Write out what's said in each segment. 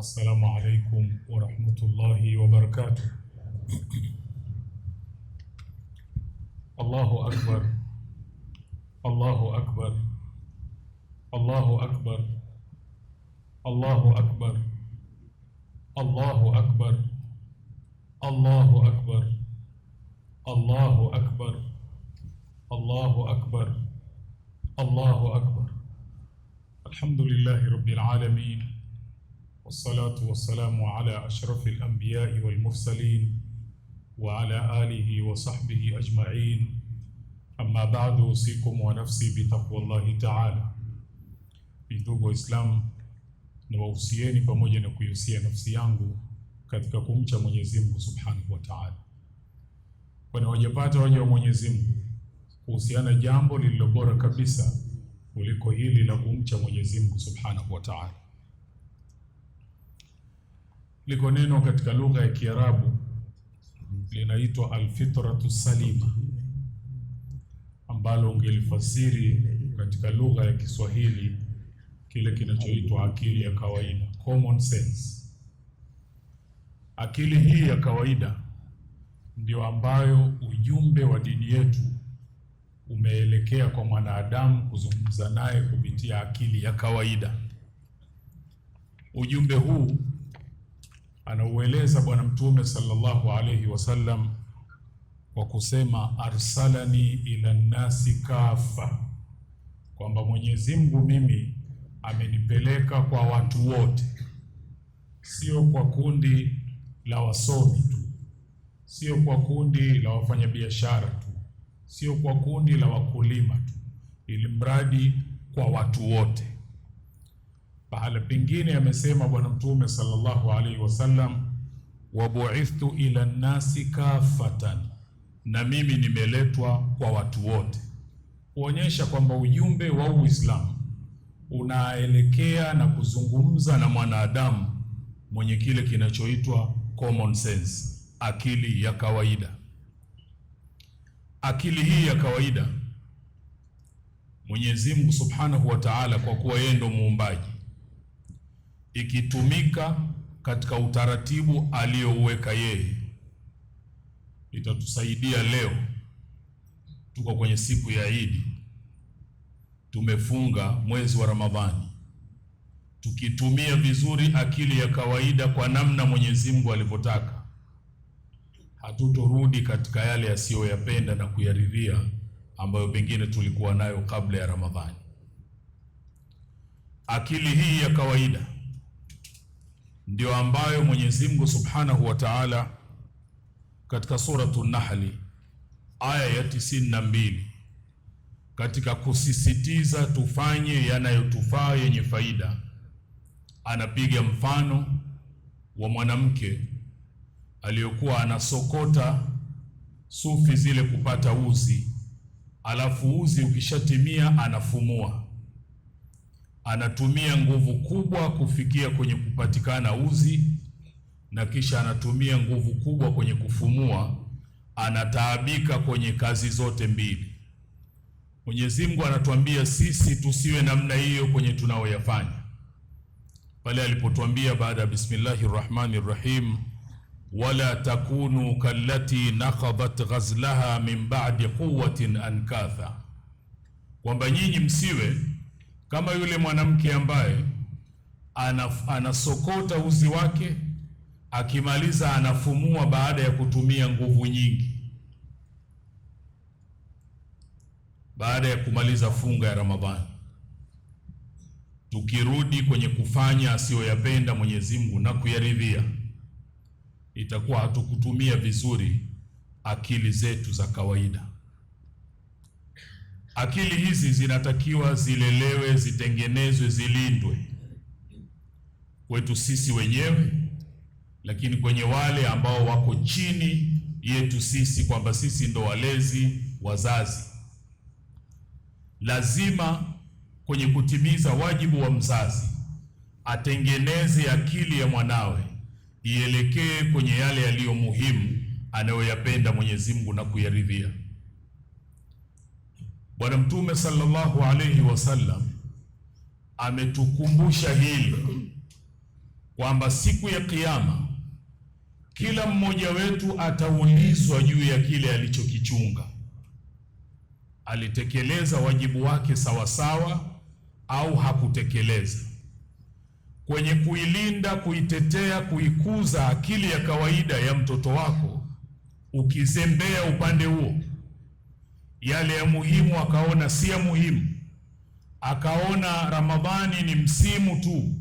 السلام عليكم ورحمة الله وبركاته الله أكبر الله أكبر الله أكبر الله أكبر الله أكبر الله أكبر الله أكبر الله أكبر الله أكبر الحمد لله رب العالمين wassalatu wassalamu ala ashrafi lambiyai walmursalin wa ala alihi wa sahbihi ajmain amma ba'du, usikum wa nafsi bitaqwa llahi taala. Ndugu Waislamu, nawahusieni pamoja na kuihusia nafsi yangu katika kumcha Mwenyezi Mungu subhanahu wa taala, kwani wajapata waja wa Mwenyezi Mungu kuhusiana jambo lililo bora kabisa kuliko hili la kumcha Mwenyezi Mungu subhanahu wa taala. Liko neno katika lugha ya Kiarabu linaitwa alfitratu salima, ambalo ungelifasiri katika lugha ya Kiswahili kile kinachoitwa akili ya kawaida, common sense. Akili hii ya kawaida ndio ambayo ujumbe wa dini yetu umeelekea kwa mwanadamu kuzungumza naye kupitia akili ya kawaida. Ujumbe huu anaueleza Bwana Mtume sallallahu alayhi wasallam kwa kusema arsalani ila nnasi kafa, kwamba Mwenyezi Mungu mimi amenipeleka kwa watu wote, sio kwa kundi la wasomi tu, sio kwa kundi la wafanyabiashara tu, sio kwa kundi la wakulima tu, ili mradi kwa watu wote. Pahala pengine amesema Bwana Mtume sallallahu alaihi wasallam, wabuithtu ila nnasi kafatan, na mimi nimeletwa kwa watu wote, kuonyesha kwamba ujumbe wa Uislamu unaelekea na kuzungumza na mwanadamu mwenye kile kinachoitwa common sense, akili ya kawaida. Akili hii ya kawaida Mwenyezi Mungu Subhanahu wa Ta'ala, kwa kuwa yeye ndo muumbaji ikitumika katika utaratibu aliyouweka yeye itatusaidia. Leo tuko kwenye siku ya Idi, tumefunga mwezi wa Ramadhani. Tukitumia vizuri akili ya kawaida kwa namna Mwenyezi Mungu alivyotaka, hatutorudi katika yale yasiyoyapenda na kuyaridhia ambayo pengine tulikuwa nayo kabla ya Ramadhani. Akili hii ya kawaida ndio ambayo Mwenyezi Mungu Subhanahu wa Ta'ala katika suratu Nahli aya ya tisini na mbili katika kusisitiza tufanye yanayotufaa yenye faida, anapiga mfano wa mwanamke aliyokuwa anasokota sufi zile kupata uzi, alafu uzi ukishatimia anafumua anatumia nguvu kubwa kufikia kwenye kupatikana uzi na kisha anatumia nguvu kubwa kwenye kufumua, anataabika kwenye kazi zote mbili. Mwenyezi Mungu anatuambia sisi tusiwe namna hiyo kwenye tunaoyafanya, pale alipotuambia baada ya bismillahi rahmani rahim wala takunu kallati nakadhat ghazlaha min ba'di quwwatin ankatha, kwamba nyinyi msiwe kama yule mwanamke ambaye anasokota uzi wake akimaliza anafumua baada ya kutumia nguvu nyingi, baada ya kumaliza funga ya Ramadhani. Tukirudi kwenye kufanya asiyoyapenda Mwenyezi Mungu na kuyaridhia, itakuwa hatukutumia vizuri akili zetu za kawaida. Akili hizi zinatakiwa zilelewe, zitengenezwe, zilindwe kwetu sisi wenyewe, lakini kwenye wale ambao wako chini yetu sisi, kwamba sisi ndo walezi, wazazi. Lazima kwenye kutimiza wajibu wa mzazi atengeneze akili ya mwanawe ielekee kwenye yale yaliyo muhimu anayoyapenda Mwenyezi Mungu na kuyaridhia. Bwana Mtume sallallahu alayhi wasallam ametukumbusha hili kwamba siku ya Kiyama kila mmoja wetu ataulizwa juu ya kile alichokichunga, alitekeleza wajibu wake sawasawa au hakutekeleza. Kwenye kuilinda, kuitetea, kuikuza akili ya kawaida ya mtoto wako, ukizembea upande huo yale ya muhimu akaona si ya muhimu, akaona Ramadhani ni msimu tu,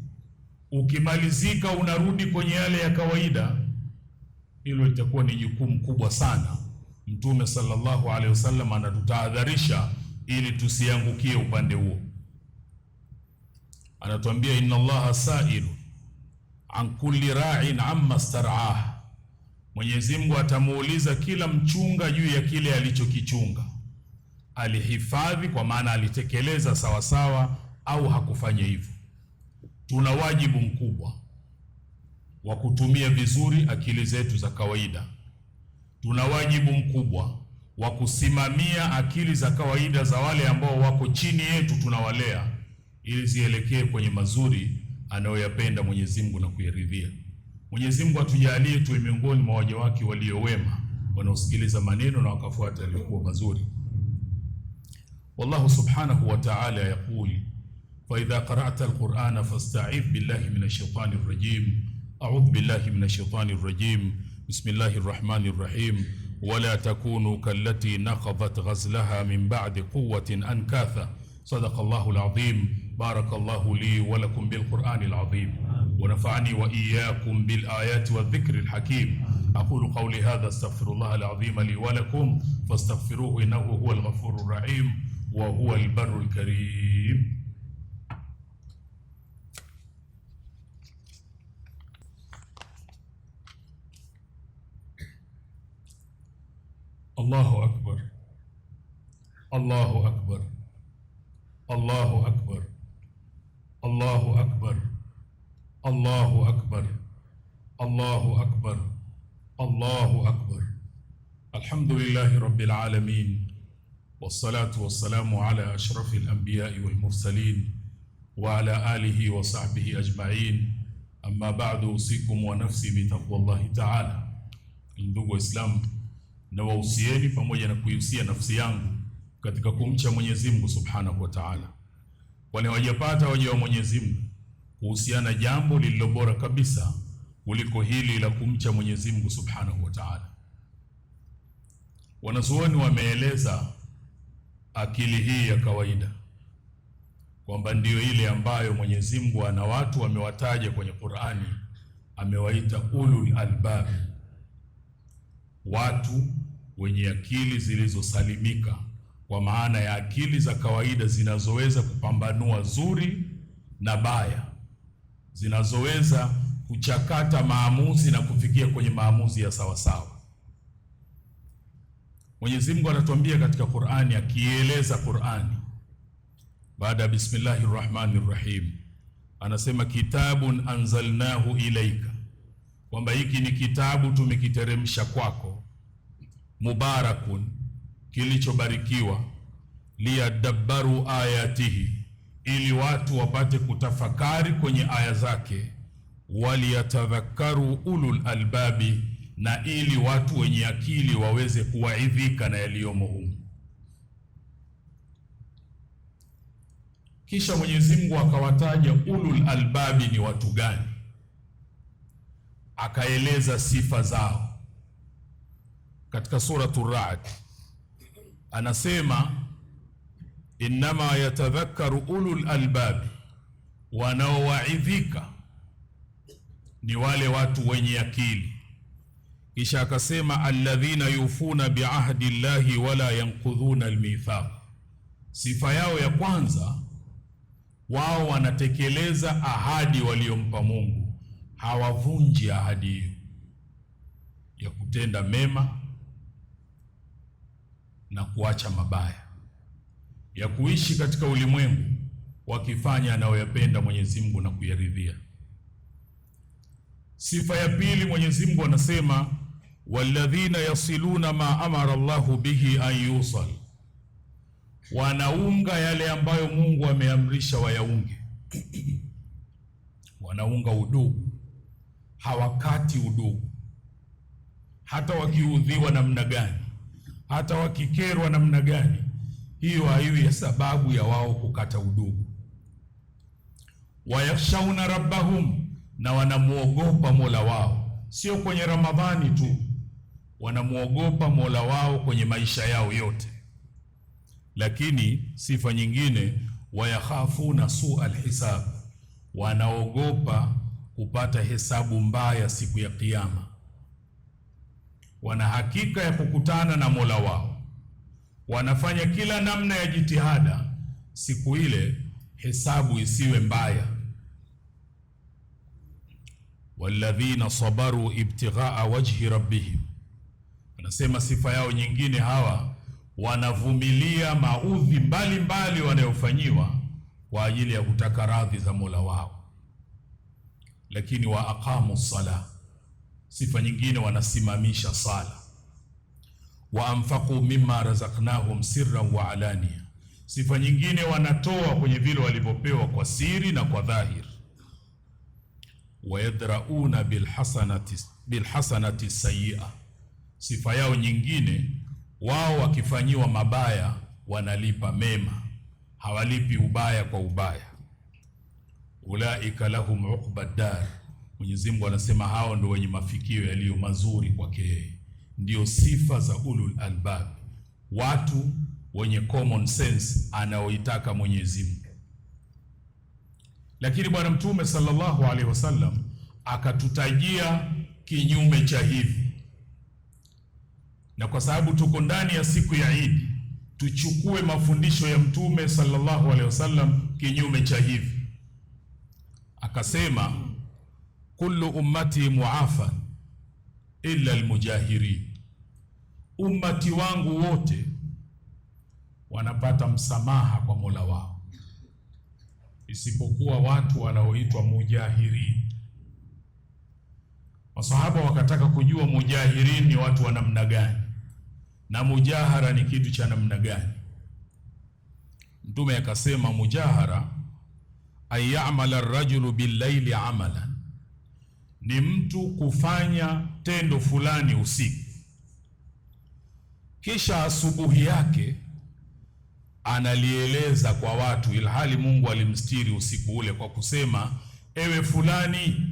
ukimalizika unarudi kwenye yale ya kawaida, hilo litakuwa ni jukumu kubwa sana. Mtume sallallahu alaihi wasallam anatutahadharisha ili tusiangukie upande huo. Anatuambia, inna allaha sailu an kulli ra'in amma star'ah, Mwenyezi Mungu atamuuliza kila mchunga juu ya kile alichokichunga alihifadhi, kwa maana alitekeleza sawa au hakufanya hivyo. Tuna wajibu mkubwa wa kutumia vizuri akili zetu za kawaida. Tuna wajibu mkubwa wa kusimamia akili za kawaida za wale ambao wako chini yetu, tunawalea ili zielekee kwenye mazuri anayoyapenda Mwenyezi Mungu na kuyaridhia. Mwenyezi Mungu atujalie tuwe miongoni mwa waja wake walio wema wanaosikiliza maneno na wakafuata yaliyokuwa mazuri. والله سبحانه وتعالى يقول فإذا قرأت القرآن فاستعذ بالله من الشيطان الرجيم أعوذ بالله من الشيطان الرجيم بسم الله الرحمن الرحيم ولا تكونوا كالتي نقضت غزلها من بعد قوة أنكاثا صدق الله العظيم بارك الله لي ولكم بالقرآن العظيم ونفعني وإياكم بالآيات والذكر الحكيم أقول قولي هذا استغفر الله العظيم لي ولكم فاستغفروه إنه هو الغفور الرحيم وهو البر الكريم الله أكبر الله أكبر الله أكبر الله أكبر الله أكبر الله أكبر الله أكبر الحمد لله رب العالمين wassalatu wassalamu ala ashrafi alambiyai walmursalin wa ala alihi wa sahbihi ajmain amma ba'du, usikum wa nafsi bitaqwallahi ta'ala. Ndugu Waislamu, pamoja na kuiusia nafsi yangu katika kumcha Mwenyezi Mungu subhanahu wa ta'ala. Wale wajapata waja wa Mwenyezi Mungu kuhusiana jambo lililo bora kabisa kuliko hili la kumcha Mwenyezi Mungu subhanahu wa ta'ala, wanazuoni wameeleza akili hii ya kawaida kwamba ndiyo ile ambayo Mwenyezi Mungu ana watu amewataja kwenye Qur'ani, amewaita ulul albab, watu wenye akili zilizosalimika, kwa maana ya akili za kawaida zinazoweza kupambanua zuri na baya, zinazoweza kuchakata maamuzi na kufikia kwenye maamuzi ya sawasawa. Mwenyezi Mungu anatuambia katika Qur'ani, akieleza Qur'ani baada ya bismillahi rahmani rahim, anasema kitabun anzalnahu ilaika, kwamba hiki ni kitabu tumekiteremsha kwako, mubarakun, kilichobarikiwa, liyadabbaru ayatihi, ili watu wapate kutafakari kwenye aya zake, waliyatadhakkaru ulul albabi na ili watu wenye akili waweze kuwaidhika na yaliyomo humu. Kisha Mwenyezi Mungu akawataja ulul albabi ni watu gani, akaeleza sifa zao katika suratu Ra'd, anasema innama yatadhakkaru ulul albabi, wanaowaidhika ni wale watu wenye akili kisha akasema alladhina yufuna biahdi llahi wala yanqudhuna almithaq. Sifa yao ya kwanza, wao wanatekeleza ahadi waliompa Mungu, hawavunji ahadi hiyo ya kutenda mema na kuacha mabaya, ya kuishi katika ulimwengu wakifanya anayoyapenda Mwenyezi Mungu na kuyaridhia. Sifa ya pili, Mwenyezi Mungu anasema walladhina yasiluna ma amara Allahu bihi an yusal, wanaunga yale ambayo Mungu ameamrisha wa wayaunge. Wanaunga udugu, hawakati udugu, hata wakiudhiwa namna gani, hata wakikerwa namna gani, hiyo haiwi sababu ya wao kukata udugu. Wayakhshawna rabbahum, na wanamuogopa mola wao, sio kwenye Ramadhani tu wanamwogopa Mola wao kwenye maisha yao yote. Lakini sifa nyingine, wayakhafuna su alhisab, wanaogopa kupata hesabu mbaya siku ya Kiyama. Wana hakika ya kukutana na Mola wao, wanafanya kila namna ya jitihada siku ile hesabu isiwe mbaya. walladhina sabaru ibtighaa wajhi rabbihim Anasema sifa yao nyingine, hawa wanavumilia maudhi mbalimbali wanayofanyiwa kwa ajili ya kutaka radhi za Mola wao, lakini wa aqamu sala. Sifa nyingine, wanasimamisha sala. Wa anfaqu mimma razaqnahum sirran wa alania. Sifa nyingine, wanatoa kwenye vile walivyopewa kwa siri na kwa dhahir. yadrauna bilhasanati bilhasanati sayyi'a Sifa yao nyingine, wao wakifanyiwa mabaya wanalipa mema, hawalipi ubaya kwa ubaya. Ulaika lahum uqba dar, Mwenyezi Mungu anasema hao ndio wenye mafikio yaliyo mazuri kwake yeye. Ndio sifa za ulul albab, watu wenye common sense anaoitaka Mwenyezi Mungu. Lakini Bwana Mtume sallallahu alaihi wasallam akatutajia kinyume cha hivi na kwa sababu tuko ndani ya siku ya Idi, tuchukue mafundisho ya Mtume sallallahu alaihi wasallam kinyume cha hivi. Akasema, kullu ummati muafa illa almujahiri, ummati wangu wote wanapata msamaha kwa Mola wao isipokuwa watu wanaoitwa mujahirin. Masahaba wakataka kujua mujahirin ni watu wa namna gani? na mujahara ni kitu cha namna gani? Mtume akasema mujahara ayamala rajulu billaili amalan, ni mtu kufanya tendo fulani usiku, kisha asubuhi yake analieleza kwa watu, ilhali Mungu alimstiri usiku ule kwa kusema, ewe fulani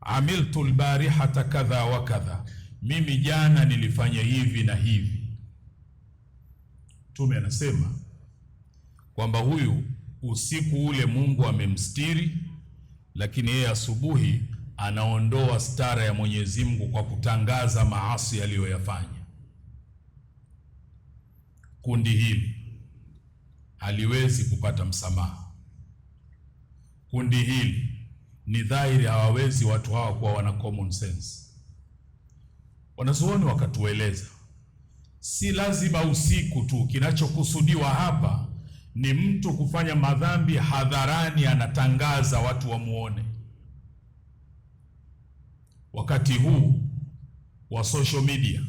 amiltu lbarihata kadha wa kadha mimi jana nilifanya hivi na hivi. Mtume anasema kwamba huyu usiku ule Mungu amemstiri, lakini yeye asubuhi anaondoa stara ya Mwenyezi Mungu kwa kutangaza maasi aliyoyafanya. Kundi hili haliwezi kupata msamaha. Kundi hili ni dhahiri, hawawezi watu hawa kuwa wana common sense. Wanazuoni wakatueleza si lazima usiku tu. Kinachokusudiwa hapa ni mtu kufanya madhambi hadharani, anatangaza watu wamuone. Wakati huu wa social media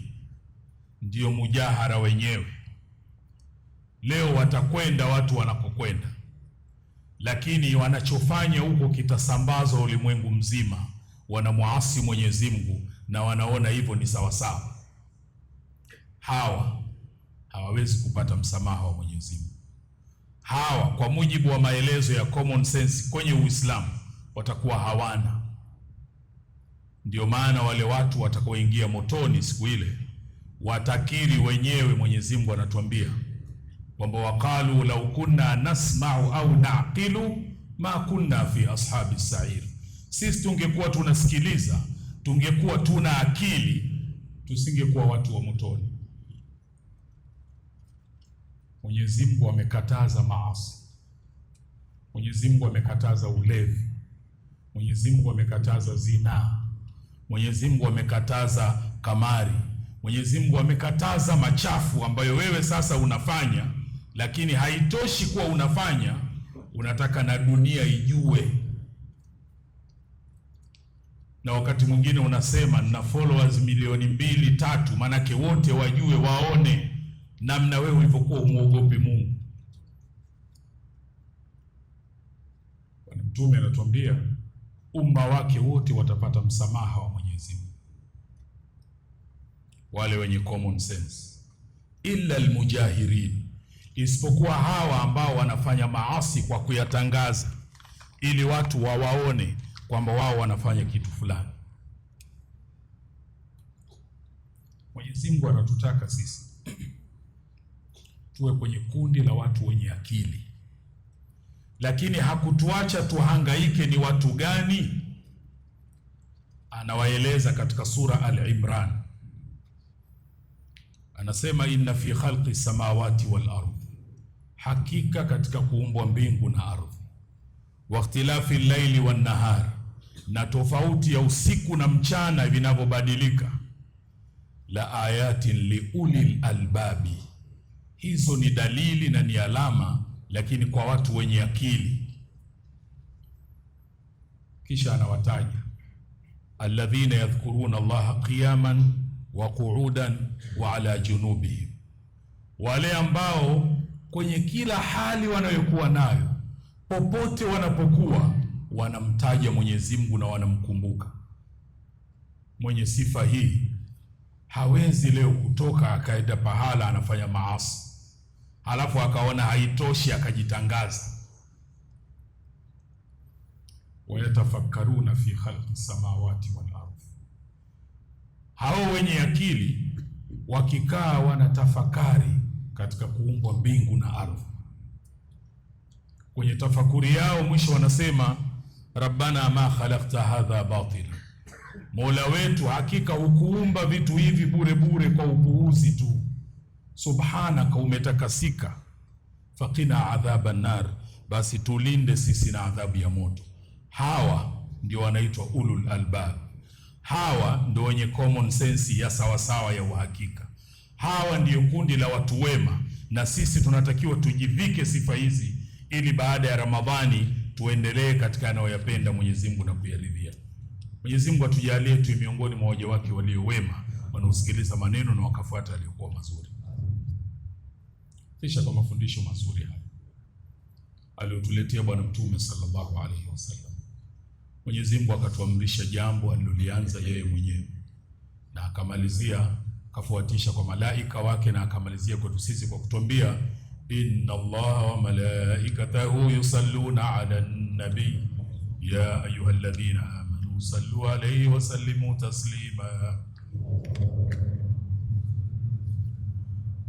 ndio mujahara wenyewe. Leo watakwenda watu wanakokwenda, lakini wanachofanya huko kitasambazwa ulimwengu mzima. Wanamwasi Mwenyezi Mungu na wanaona hivyo ni sawasawa, hawa hawawezi kupata msamaha wa Mwenyezi Mungu. Hawa kwa mujibu wa maelezo ya common sense kwenye Uislamu watakuwa hawana. Ndio maana wale watu watakaoingia motoni siku ile watakiri wenyewe. Mwenyezi Mungu anatuambia kwamba waqalu lau kunna nasma'u au na'qilu ma kunna fi ashabi sair, sisi tungekuwa tunasikiliza tungekuwa tuna akili tusingekuwa watu wa motoni. Mwenyezi Mungu amekataza maasi. Mwenyezi Mungu amekataza ulevi. Mwenyezi Mungu amekataza zinaa. Mwenyezi Mungu amekataza kamari. Mwenyezi Mungu amekataza machafu ambayo wewe sasa unafanya, lakini haitoshi kuwa unafanya, unataka na dunia ijue na wakati mwingine unasema na followers milioni mbili tatu, manake wote wajue, waone namna wewe ulivyokuwa umuogopi Mungu. Bwana Mtume anatuambia umma wake wote watapata msamaha wa Mwenyezi Mungu, wale wenye common sense, illa almujahirin, isipokuwa hawa ambao wanafanya maasi kwa kuyatangaza ili watu wawaone kwamba wao wanafanya kitu fulani. Mwenyezi Mungu anatutaka sisi tuwe kwenye kundi la watu wenye akili, lakini hakutuacha tuhangaike ni watu gani. Anawaeleza katika sura Al-Imran, anasema inna fi khalqi samawati wal ardhi, hakika katika kuumbwa mbingu na ardhi, wa ikhtilafi llaili wan nahar na tofauti ya usiku na mchana vinavyobadilika. La ayatin liulil albabi, hizo ni dalili na ni alama, lakini kwa watu wenye akili. Kisha anawataja alladhina yadhkuruna Allaha qiyaman wa qu'udan wa ala junubihim, wale ambao kwenye kila hali wanayokuwa nayo, popote wanapokuwa wanamtaja Mwenyezi Mungu na wanamkumbuka. Mwenye sifa hii hawezi leo kutoka akaenda pahala anafanya maasi, halafu akaona haitoshi akajitangaza. wayatafakkaruna fi khalqi samawati wal ardhi, hao wenye akili wakikaa wanatafakari katika kuumbwa mbingu na ardhi. Kwenye tafakuri yao mwisho wanasema rabbana ma khalaqta hadha batila, mola wetu hakika hukuumba vitu hivi bure bure kwa upuuzi tu. Subhanaka, umetakasika. Faqina adhaba nar, basi tulinde sisi na adhabu ya moto. Hawa ndio wanaitwa ulul albab, hawa ndio wenye common sense ya sawasawa ya uhakika. Hawa ndiyo kundi la watu wema, na sisi tunatakiwa tujivike sifa hizi ili baada ya Ramadhani tuendelee katika anayoyapenda Mwenyezi Mungu na kuyaridhia. Mwenyezi Mungu atujalie tu miongoni mwa waja wake walio wema wanaosikiliza maneno na wakafuata yaliyokuwa mazuri. Kisha kwa mafundisho mazuri haya aliyotuletea Bwana Mtume sallallahu alaihi wasallam, Mwenyezi Mungu akatuamrisha jambo alilolianza yeye mwenyewe na akamalizia, akafuatisha kwa malaika wake na akamalizia kwetu sisi kwa kutuambia إن الله وملائكته يصلون على النبي يا أيها الذين آمنوا صلوا عليه وسلموا تسليما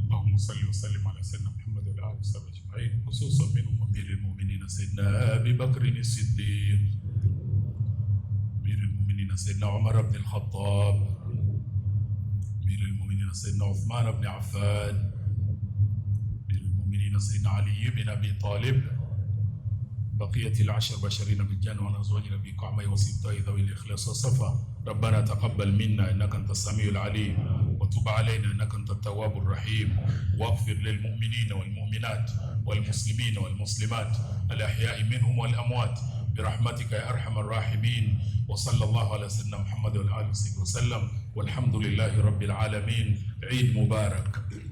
اللهم صل وسلم على سيدنا محمد وعلى آله وصحبه أجمعين خصوصا منهم أمير المؤمنين سيدنا أبي بكر الصديق أمير المؤمنين سيدنا عمر بن الخطاب أمير المؤمنين سيدنا عثمان بن عفان سيدنا علي بن أبي طالب بقية العشر بشرين بالجنة وعن أزواجنا بنعمة وصبطة ذوي الإخلاص وصفا ربنا تقبل منا إنك أنت السميع العليم وتب علينا إنك أنت التواب الرحيم واغفر للمؤمنين والمؤمنات والمسلمين والمسلمات الأحياء منهم والأموات برحمتك يا أرحم الراحمين وصلى الله على سيدنا محمد وعلى آله وصحبه وسلم والحمد لله رب العالمين عيد مبارك